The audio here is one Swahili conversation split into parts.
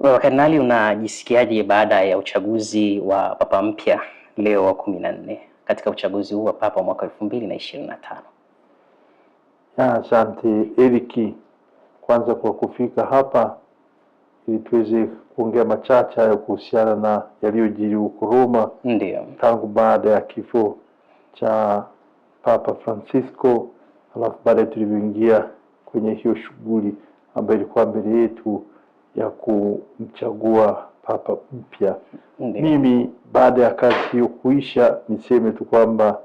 Baba unajisikiaje baada ya uchaguzi wa papa mpya leo wa kumi na nne katika uchaguzi huu wa papa mwaka elfu mbili na ishirini na tano? Asante Eriki, kwanza kwa kufika hapa ili tuweze kuongea machache hayo kuhusiana na yaliyojiri huko Roma. Ndiyo. tangu baada ya kifo cha Papa Francisco, alafu baadaye tulivyoingia kwenye hiyo shughuli ambayo ilikuwa mbele yetu ya kumchagua papa mpya. Mimi baada ya kazi hiyo kuisha, niseme tu kwamba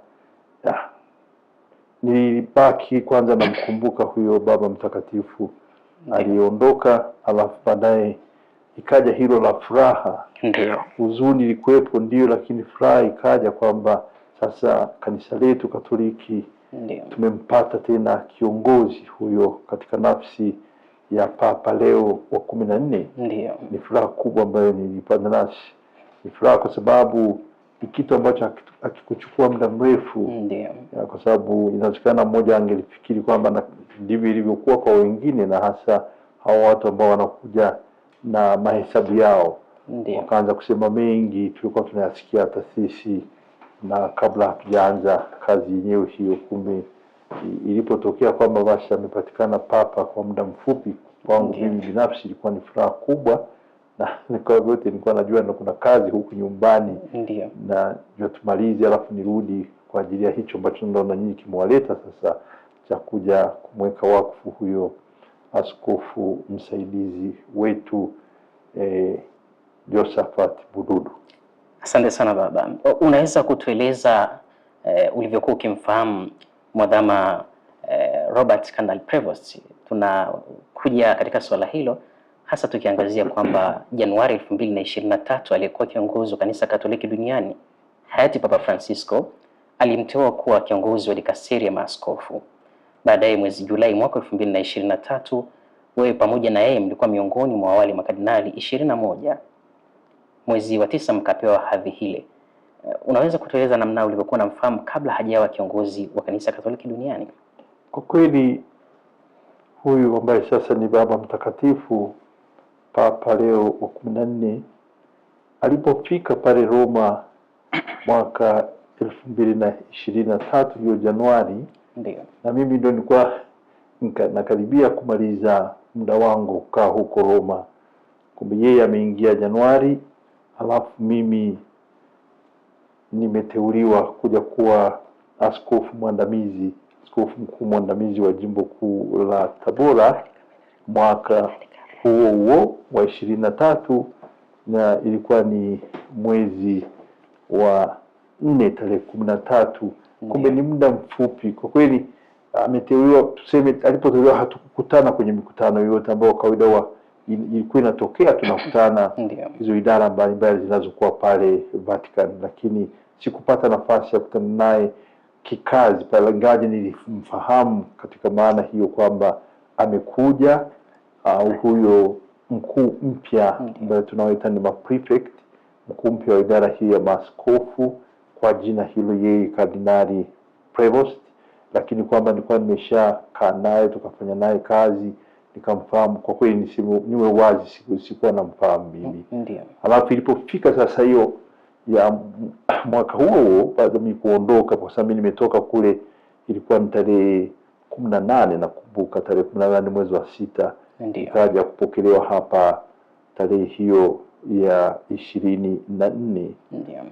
nilibaki kwanza namkumbuka huyo baba mtakatifu aliondoka, alafu baadaye ikaja hilo la furaha. Ndio huzuni ilikuwepo, ndio, lakini furaha ikaja kwamba sasa kanisa letu Katoliki tumempata tena kiongozi huyo katika nafsi ya Papa Leo wa kumi na nne ni furaha kubwa ambayo nilipanda nasi. Ni furaha kwa sababu ni kitu ambacho hakikuchukua muda mrefu, kwa sababu inawezekana mmoja angelifikiri kwamba ndivyo ilivyokuwa kwa wengine, na hasa hawa watu ambao wanakuja na mahesabu yao wakaanza kusema mengi tulikuwa tunayasikia hata sisi, na kabla hatujaanza kazi yenyewe hiyo, kumbe ilipotokea kwamba basi amepatikana papa kwa muda mfupi, kwangu mimi binafsi ilikuwa ni furaha kubwa, na kwa vyote nilikuwa najua na kuna kazi huku nyumbani na jua tumalize, alafu nirudi kwa ajili ya hicho ambacho naona nyinyi kimewaleta sasa, cha kuja kumweka wakfu huyo askofu msaidizi wetu eh, Josephat Bududu. Asante sana baba, unaweza kutueleza eh, ulivyokuwa ukimfahamu mwadhama eh, Robert Kardinal Prevost, tunakuja katika suala hilo hasa tukiangazia kwamba Januari elfu mbili na ishirini na tatu aliyekuwa kiongozi wa kanisa Katoliki duniani hayati Papa Francisco alimteua kuwa kiongozi wa dikaseri ya maaskofu. Baadaye mwezi Julai mwaka elfu mbili na ishirini na tatu wewe pamoja na yeye mlikuwa miongoni mwa awali makardinali ishirini na moja. Mwezi wa tisa mkapewa hadhi hile. Eh, unaweza kutueleza namna ulivyokuwa unamfahamu kabla hajawa kiongozi wa kanisa Katoliki duniani? Kwa kweli huyu ambaye sasa ni Baba Mtakatifu Papa Leo wa kumi na nne alipofika pale Roma mwaka elfu mbili na ishirini na tatu hiyo Januari, ndiyo na mimi ndio nilikuwa nakaribia kumaliza muda wangu kukaa huko Roma. Kumbe yeye ameingia Januari, alafu mimi nimeteuliwa kuja kuwa askofu mwandamizi, askofu mkuu mwandamizi wa jimbo kuu la Tabora mwaka huo huo wa ishirini na tatu na ilikuwa ni mwezi wa nne tarehe kumi na tatu. Kumbe ni muda mfupi kwa kweli. Ameteuliwa, tuseme alipoteuliwa hatukukutana kwenye mikutano yoyote ambayo kawaida wa ilikuwa inatokea tunakutana hizo idara mbalimbali zinazokuwa pale Vatican, lakini sikupata nafasi ya kukutana naye kikazi pale, ingawaje nilimfahamu katika maana hiyo kwamba amekuja uh, huyo mkuu mpya ambaye tunaoita ni maprefect, mkuu mpya wa idara hii ya maaskofu kwa jina hilo yeye Kardinali Prevost, lakini kwamba nilikuwa nimeshakaa naye tukafanya naye kazi nikamfahamu kwa kweli, niwe wazi, sikuwa namfahamu mimi. Mm, ndio. Alafu ilipofika sasa hiyo ya mwaka huo huo, baada mimi kuondoka, kwa sababu nimetoka kule, ilikuwa ni tarehe kumi na nane nakumbuka, tarehe kumi na nane mwezi wa sita nikaja kupokelewa hapa tarehe hiyo ya ishirini na nne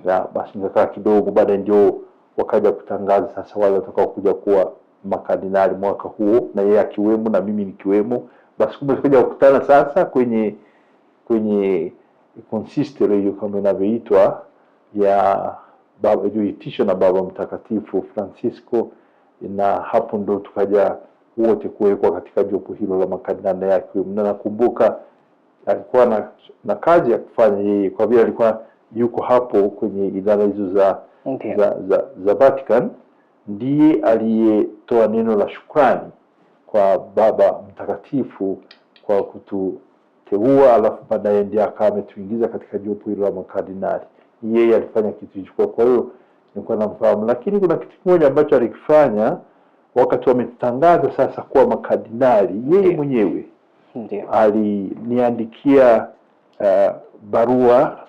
na basi nikakaa kidogo, baadaye ndio wakaja kutangaza sasa wale watakao kuja kuwa makardinali mwaka huo, na yeye akiwemo na mimi nikiwemo. Basi kumbe kukutana sasa kwenye kwenye konsistori hiyo kama inavyoitwa ya baba iliyoitishwa na Baba Mtakatifu Francisco, na hapo ndo tukaja wote kuwekwa katika jopo hilo la makardinali yake. Na nakumbuka alikuwa na, na kazi ya kufanya yeye, kwa vile alikuwa yuko hapo kwenye idara hizo za, za, za, za Vatican ndiye aliyetoa neno la shukrani kwa Baba Mtakatifu kwa kututeua, alafu baadaye ndiye akawa ametuingiza katika jopo hilo la makardinali. Yeye alifanya kitu hicho, kwa hiyo nilikuwa namfahamu. Lakini kuna kitu kimoja ambacho alikifanya wakati wametangaza sasa kuwa makardinali, yeye mwenyewe aliniandikia uh, barua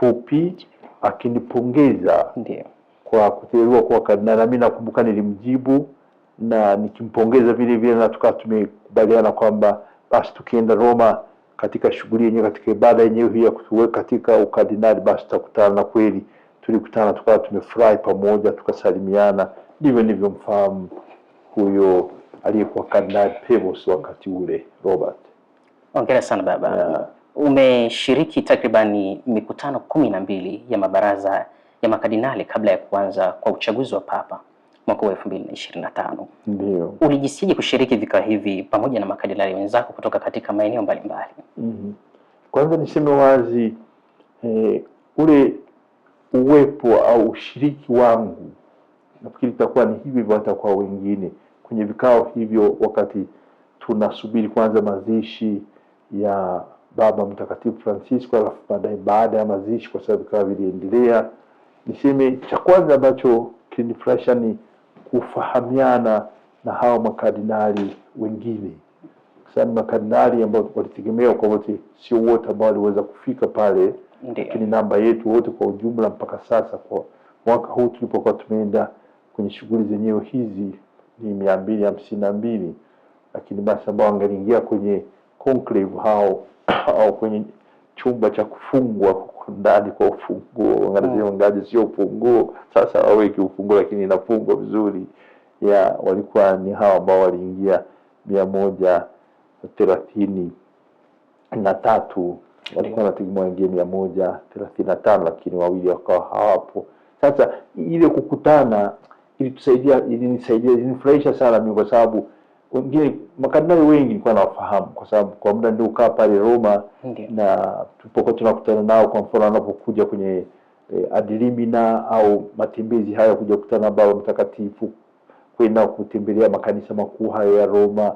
fupi akinipongeza Ndiyo kwa kuteuliwa kuwa kardinali, na mimi nakumbuka nilimjibu na nikimpongeza vile vile, na tukawa tumekubaliana kwamba basi tukienda Roma katika shughuli yenyewe katika ibada yenyewe hii ya kutuweka katika ukardinali basi tutakutana, na kweli tulikutana, tukawa tumefurahi pamoja, tukasalimiana. Ndivyo nilivyomfahamu huyo aliyekuwa kardinali Pevos wakati ule. Robert, hongera sana baba. Yeah. Umeshiriki takribani mikutano kumi na mbili ya mabaraza ya makardinali kabla ya kuanza kwa uchaguzi wa papa mwaka wa 2025. Ndio. Ulijisiaje kushiriki vikao hivi pamoja na makardinali wenzako kutoka katika maeneo mbalimbali? mm -hmm. Kwanza niseme wazi eh, ule uwepo au ushiriki wangu nafikiri itakuwa ni hivyo hivyo hata kwa wengine kwenye vikao hivyo, wakati tunasubiri kwanza mazishi ya Baba Mtakatifu Francisco, alafu baadaye baada ya mazishi, kwa sababu vikao viliendelea Niseme cha kwanza ambacho kinifurahisha ni kufahamiana na hawa makardinali wengine, kwasababu makardinali ambao walitegemewa kwa wote, sio wote ambao waliweza kufika pale, lakini namba yetu wote kwa ujumla mpaka sasa kwa mwaka huu tulipokuwa tumeenda kwenye shughuli zenyewe hizi ni mia mbili hamsini na mbili, lakini basi ambao wangaliingia kwenye conclave hao au kwenye chumba cha kufungwa ndani kwa ufunguo angalia mm. ngazi sio ufunguo sasa waweki ufunguo lakini inafungwa vizuri ya walikuwa ni hawa ambao waliingia mia moja thelathini na tatu walikuwa wanategemea waingie mia moja thelathini na tano lakini wawili wakawa hawapo sasa ile kukutana ilitusaidia ilinisaidia ilinifurahisha sana mimi kwa sababu wengine makardinali wengi nilikuwa nawafahamu kwa sababu kwa muda ndio ukaa pale Roma na tupokuwa tunakutana nao, kwa mfano wanapokuja kwenye e, eh, adilimina au matembezi hayo kuja kukutana na Baba Mtakatifu, kwenda kutembelea makanisa makuu hayo ya Roma,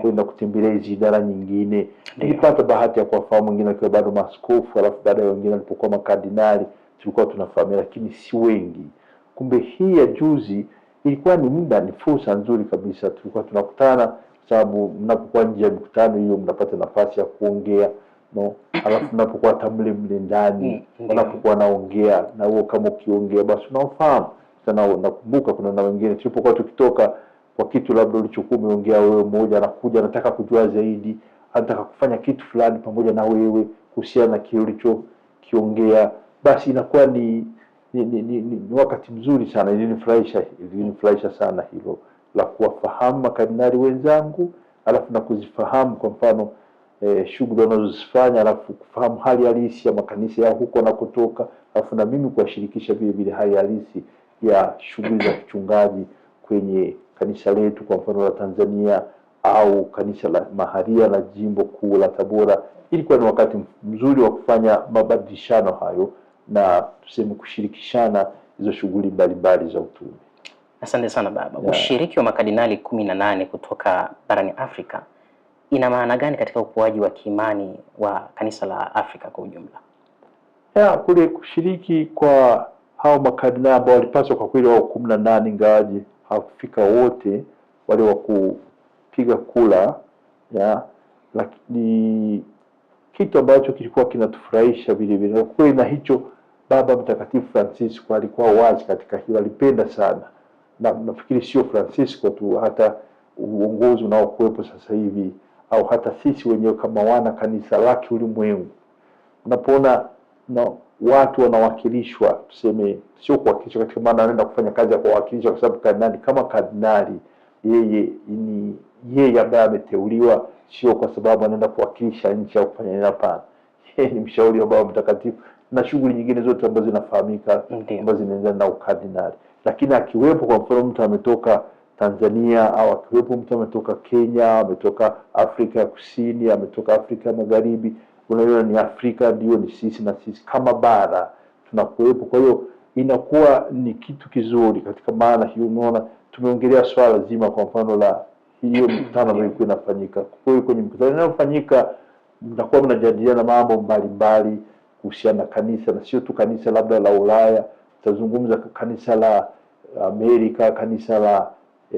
kwenda kutembelea hizi idara nyingine. Nilipata bahati ya kuwafahamu wengine wakiwa bado maskofu alafu baadaye wengine walipokuwa makadinari tulikuwa tunafahamia, lakini si wengi. Kumbe hii ya juzi ilikuwa ni muda, ni fursa nzuri kabisa. Tulikuwa tunakutana kwa sababu mnapokuwa nje ya mikutano hiyo mnapata nafasi ya kuongea no, alafu mnapokuwa tamle mle ndani mm, wanapokuwa naongea na huo, kama ukiongea basi unaofahamu sana. Nakumbuka kuna na wengine tulipokuwa tukitoka kwa kitu labda ulichokuwa umeongea wewe, mmoja anakuja anataka kujua zaidi, anataka kufanya kitu fulani pamoja na wewe kuhusiana na kile ulichokiongea, basi inakuwa ni ni, ni, ni, ni wakati mzuri sana, ilinifurahisha ilinifurahisha sana hilo la kuwafahamu makardinali wenzangu, alafu na kuzifahamu kwa mfano e, shughuli wanazozifanya, alafu kufahamu hali halisi ya makanisa ya huko na kutoka, alafu na mimi kuwashirikisha vile vile hali halisi ya shughuli za kichungaji kwenye kanisa letu kwa mfano la Tanzania au kanisa la maharia la jimbo kuu la Tabora. Ilikuwa ni wakati mzuri wa kufanya mabadilishano hayo na tuseme kushirikishana hizo shughuli mbalimbali za utume. Asante sana baba yeah. Ushiriki wa makadinali kumi na nane kutoka barani Afrika ina maana gani katika ukuaji wa kiimani wa kanisa la Afrika kwa ujumla? Yeah, kule kushiriki kwa hao makadinali ambao walipaswa kwa kweli wao kumi na nane ingawaje hawakufika wote wale wa kupiga kula yeah, lakini kitu ambacho kilikuwa kinatufurahisha vile vile kweli na hicho Baba Mtakatifu Francisco alikuwa wazi katika hiyo, alipenda sana na nafikiri sio Francisco tu, hata uongozi unaokuwepo sasa hivi au hata sisi wenyewe kama wana kanisa lake ulimwengu, unapoona no, watu wanawakilishwa, tuseme sio kuwakilishwa katika maana anaenda kufanya kazi ya kuwakilisha, kwa sababu kardinali kama kardinali yeye ni yeye ambaye ameteuliwa, sio kwa sababu anaenda kuwakilisha nchi au kufanya nini. Hapana, yeye ni mshauri wa Baba Mtakatifu na shughuli nyingine zote ambazo zinafahamika ambazo zinaendana na ukardinali. Lakini akiwepo kwa mfano mtu ametoka Tanzania au akiwepo mtu ametoka Kenya, ametoka Afrika ya Kusini, ametoka Afrika ya Magharibi, unaona ni Afrika ndio ni sisi na sisi kama bara tunakuwepo. Kwa hiyo inakuwa ni kitu kizuri katika maana hiyo. Unaona, tumeongelea swala zima kwa mfano la hiyo mkutano ambayo ilikuwa inafanyika. Kwa hiyo kwenye mkutano inayofanyika mtakuwa mnajadiliana mambo mbalimbali. mbali, kuhusiana na kanisa, na sio tu kanisa labda la Ulaya, tutazungumza kanisa la Amerika, kanisa la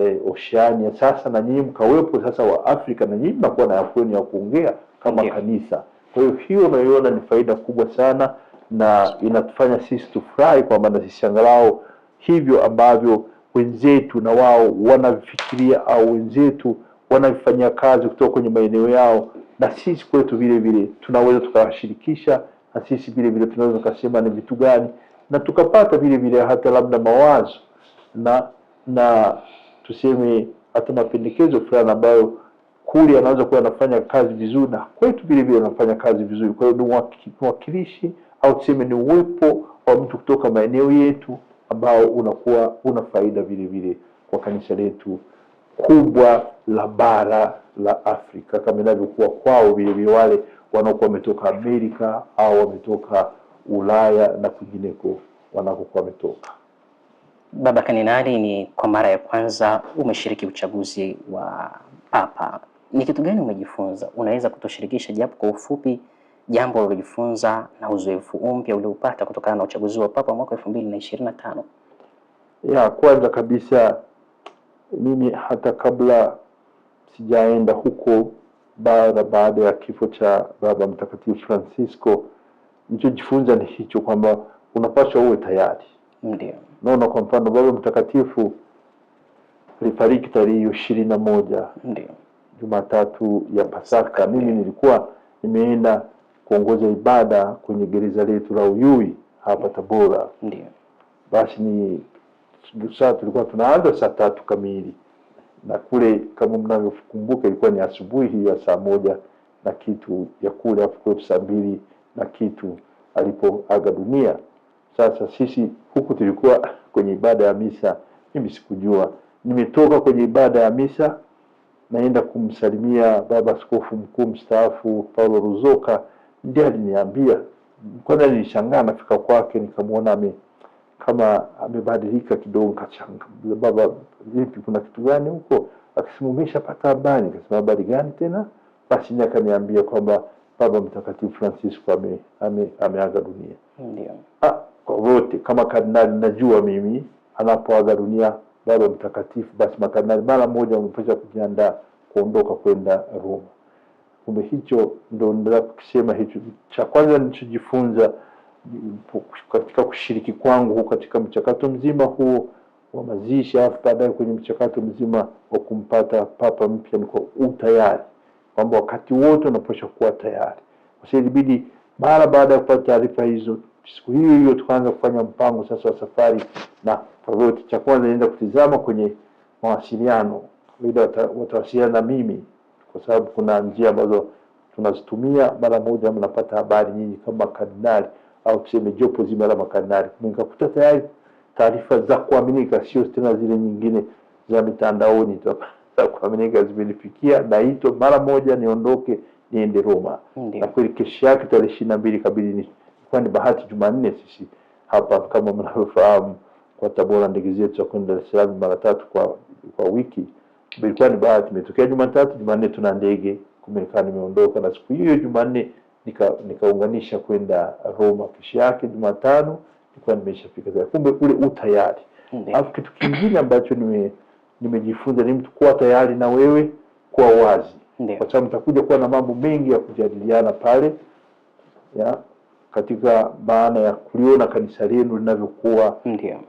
e, Oceania. Sasa na nyinyi mkawepo sasa wa Afrika, na nyinyi mnakuwa na afueni ya kuongea kama yeah, kanisa. Kwa hiyo hiyo unaiona ni faida kubwa sana, na inatufanya sisi tufurahi kwamba na sisi angalau hivyo ambavyo wenzetu na wao wanavifikiria au wenzetu wanavifanyia kazi kutoka kwenye maeneo yao, na sisi kwetu vile vile tunaweza tukawashirikisha na sisi vile vile tunaweza tukasema ni vitu gani, na tukapata vile vile hata labda mawazo na na tuseme hata mapendekezo fulani ambayo kule anaweza kuwa anafanya kazi vizuri na kwetu vile vile anafanya kazi vizuri. Kwa hiyo ni mwakilishi au tuseme ni uwepo wa mtu kutoka maeneo yetu ambao unakuwa una faida vile vile kwa kanisa letu kubwa la bara la Afrika kama inavyokuwa kwao vile vile wale wanaokuwa wametoka Amerika au wametoka Ulaya na kwingineko wanakokuwa wametoka. Baba kaninali ni kwa mara ya kwanza umeshiriki uchaguzi wa papa, ni kitu gani umejifunza? Unaweza kutushirikisha japo kwa ufupi jambo ulilojifunza na uzoefu mpya ulioupata kutokana na uchaguzi wa papa mwaka elfu mbili na ishirini na tano? Ya kwanza kabisa, mimi hata kabla sijaenda huko bara baada ya kifo cha Baba Mtakatifu Francisco, nilichojifunza ni hicho kwamba unapaswa uwe tayari. Ndio naona kwa mfano Baba Mtakatifu alifariki tarehe ishirini na moja ndio Jumatatu ya Pasaka. Mimi nilikuwa nimeenda kuongoza ibada kwenye gereza letu la Uyui hapa Tabora. Ndio basi ni saa tulikuwa tunaanza saa tatu kamili na kule kama mnavyokumbuka ilikuwa ni asubuhi hiyo ya saa moja na kitu ya kule afu saa mbili na kitu alipoaga dunia. Sasa sisi huku tulikuwa kwenye ibada ya misa, mimi sikujua. Nimetoka kwenye ibada ya misa naenda kumsalimia baba askofu mkuu mstaafu Paulo Ruzoka, ndiye aliniambia. Kwanza nilishangaa nafika kwake, nikamwona ame kama amebadilika kidogo, kachanga baba, vipi, kuna kitu gani huko? Akisema umeshapata habari. Kasema habari gani tena? Basi ni akaniambia kwamba Baba Mtakatifu Francisco ame, ame, ameaga dunia. Ndio. Ah, kwa wote kama kardinali najua mimi anapoaga dunia Baba Mtakatifu, basi makardinali mara moja wamepasha kujiandaa kuondoka kwenda Roma. Kumbe hicho ndo ndio kusema hicho cha kwanza nilichojifunza katika kushiriki kwangu katika mchakato mzima huo wa mazishi, alafu baadaye kwenye mchakato mzima wa kumpata papa mpya, niko utayari kwamba wakati wote unapasha kuwa tayari. Sasa ilibidi mara baada ya kupata taarifa hizo, siku hiyo hiyo tukaanza kufanya mpango sasa wa safari, na kwa cha kwanza naenda kutizama kwenye mawasiliano, kawaida watawasiliana na mimi kwa sababu kuna njia ambazo tunazitumia. Mara moja mnapata habari nyinyi kama kardinali au tuseme jopo zima la makardinali, nikakuta tayari taarifa za kuaminika, sio tena zile nyingine za mitandaoni za kuaminika zimenifikia, naitwa mara moja niondoke niende Roma. Ndiyo. Na kweli kesho yake tarehe ishirini na mbili kabili kwa ni bahati Jumanne, sisi hapa kama mnavyofahamu kwa Tabora ndege zetu za kwenda Dar es Salaam mara tatu kwa kwa wiki, ilikuwa ni bahati imetokea Jumatatu, Jumanne tuna ndege kumekaa, nimeondoka na siku hiyo Jumanne nikaunganisha nika kwenda Roma kesho yake Jumatano, nilikuwa nimeshafika zake. Kumbe ule utayari. Alafu kitu kingine ambacho nime nimejifunza ni mtu kuwa tayari na wewe kuwa wazi, kwa sababu mtakuja kuwa na mambo mengi ya kujadiliana pale ya katika maana ya kuliona kanisa lenu linavyokuwa,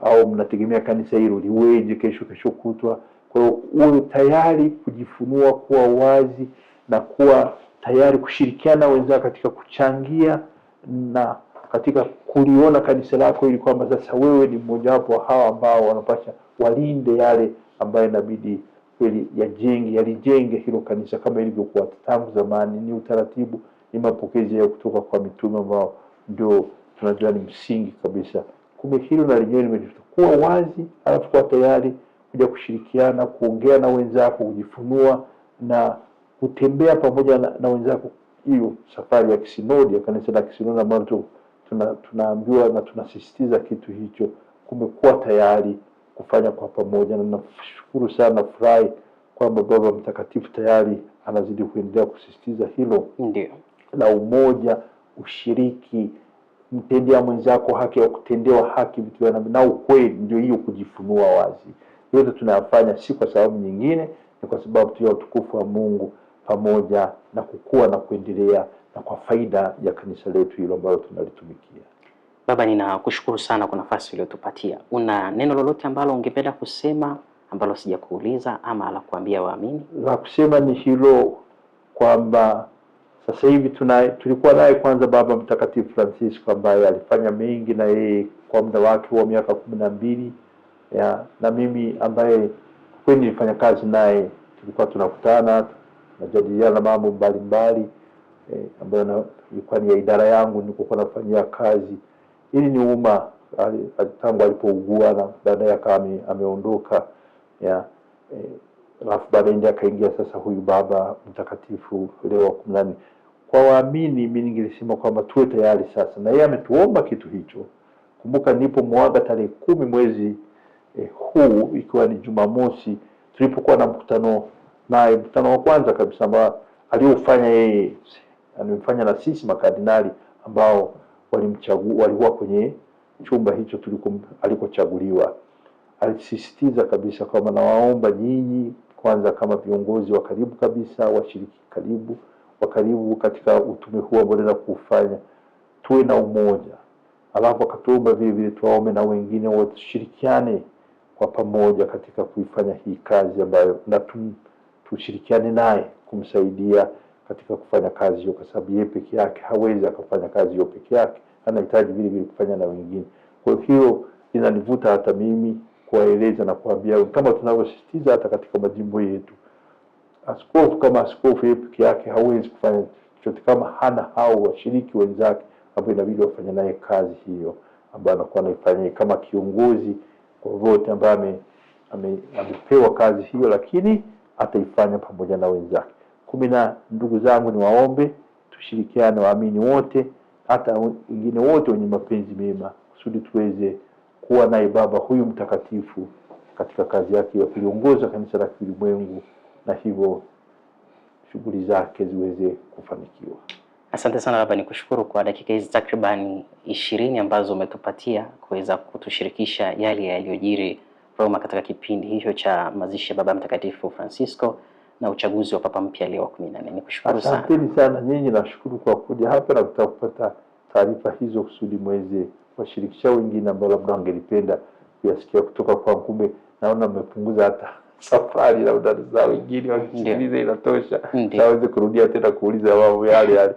au mnategemea kanisa hilo liweje kesho, kesho kutwa. Kwa hiyo uwe tayari kujifunua, kuwa wazi na kuwa tayari kushirikiana wenzao katika kuchangia na katika kuliona kanisa lako, ili kwamba sasa wewe ni mmojawapo wa hawa ambao wanapasha walinde yale ambayo inabidi kweli yajenge yalijenge hilo kanisa kama ilivyokuwa tangu zamani. Ni utaratibu, ni mapokezi ya kutoka kwa mitume ambao ndio tunajua ni msingi kabisa. Kumbe hilo na lenyewe limetukua wazi, alafu kuwa tayari kuja kushirikiana, kuongea na wenzako, kujifunua na kutembea pamoja na, na wenzako hiyo safari ya kisinodi ya kanisa la kisinodi ambayo tuna, tunaambiwa na tunasisitiza kitu hicho, kumekuwa tayari kufanya kwa pamoja, na nashukuru sana, nafurahi kwamba Baba Mtakatifu tayari anazidi kuendelea kusisitiza hilo, ndio la umoja, ushiriki, mtendea mwenzako haki, kutendewa haki, vitu na ukweli. Ndio hiyo kujifunua wazi. Yote tunayafanya si kwa sababu nyingine, ni kwa sababu tu ya utukufu wa Mungu pamoja na kukua na kuendelea na kwa faida ya kanisa letu hilo ambalo tunalitumikia. Baba, ninakushukuru sana kwa nafasi uliyotupatia. Una neno lolote ambalo ungependa kusema ambalo sijakuuliza ama la kuambia waamini? La kusema ni hilo kwamba sasa hivi tunaye, tulikuwa naye kwanza Baba Mtakatifu Francisco ambaye alifanya mengi na yeye kwa muda wake wa miaka kumi na mbili ya, na mimi ambaye kweli nilifanya kazi naye tulikuwa tunakutana najadiliana mambo mbalimbali eh, ambayo ilikuwa ni ya idara yangu nilikokuwa nafanyia kazi. Ili ni umma tangu alipougua na baadaye akawa ameondoka ya eh, alafu baadaye ndiye akaingia sasa huyu Baba Mtakatifu Leo wa kumi na nne. Kwa waamini mimi ningelisema kwamba tuwe tayari sasa, na yeye ametuomba kitu hicho. Kumbuka nipo mwaga tarehe kumi mwezi eh, huu ikiwa ni Jumamosi tulipokuwa na mkutano na mkutano wa kwanza kabisa ambao aliofanya yeye amemfanya na sisi makardinali ambao walimchagua walikuwa kwenye chumba hicho tuliko alikochaguliwa. Alisisitiza kabisa kwamba nawaomba nyinyi kwanza, kama viongozi wa karibu kabisa, washiriki karibu wa karibu katika utume huu ambao naenda kuufanya, tuwe na umoja. Alafu akatuomba vile vile tuwaombe na wengine washirikiane kwa pamoja katika kuifanya hii kazi ambayo na tushirikiane naye kumsaidia katika kufanya kazi hiyo, kwa sababu yeye peke yake hawezi akafanya kazi hiyo peke yake, anahitaji vile vile kufanya na wengine. Kwa hiyo inanivuta hata mimi kuwaeleza na kuambia, kama tunavyosisitiza hata katika majimbo yetu, askofu kama askofu, yeye peke yake hawezi kufanya chochote kama hana hao washiriki wenzake ambao inabidi wafanya naye kazi hiyo ambayo anakuwa anaifanya kama kiongozi kwa wote ambaye amepewa kazi hiyo, lakini ataifanya pamoja na wenzake. Kumi na ndugu zangu, ni waombe tushirikiane, waamini wote, hata wengine wote wenye mapenzi mema, kusudi tuweze kuwa naye baba huyu mtakatifu katika kazi yake ya kuliongoza kanisa la kiulimwengu, na hivyo shughuli zake ziweze kufanikiwa. Asante sana baba, nikushukuru kwa dakika hizi takribani ishirini ambazo umetupatia kuweza kutushirikisha yale yaliyojiri Roma katika kipindi hicho cha mazishi ya Baba Mtakatifu Francisco na uchaguzi wa Papa mpya Leo wa kumi na nne. Nikushukuru sana. Asanteni sana nyinyi, nashukuru kwa kuja hapa na kutaka kupata taarifa hizo kusudi mweze washirikisha wengine ambao labda wangelipenda kuyasikia kutoka kwa kumbe, naona mmepunguza hata safari labda za wengine wakisikiliza, inatosha, naweze kurudia tena kuuliza mambo yale yale.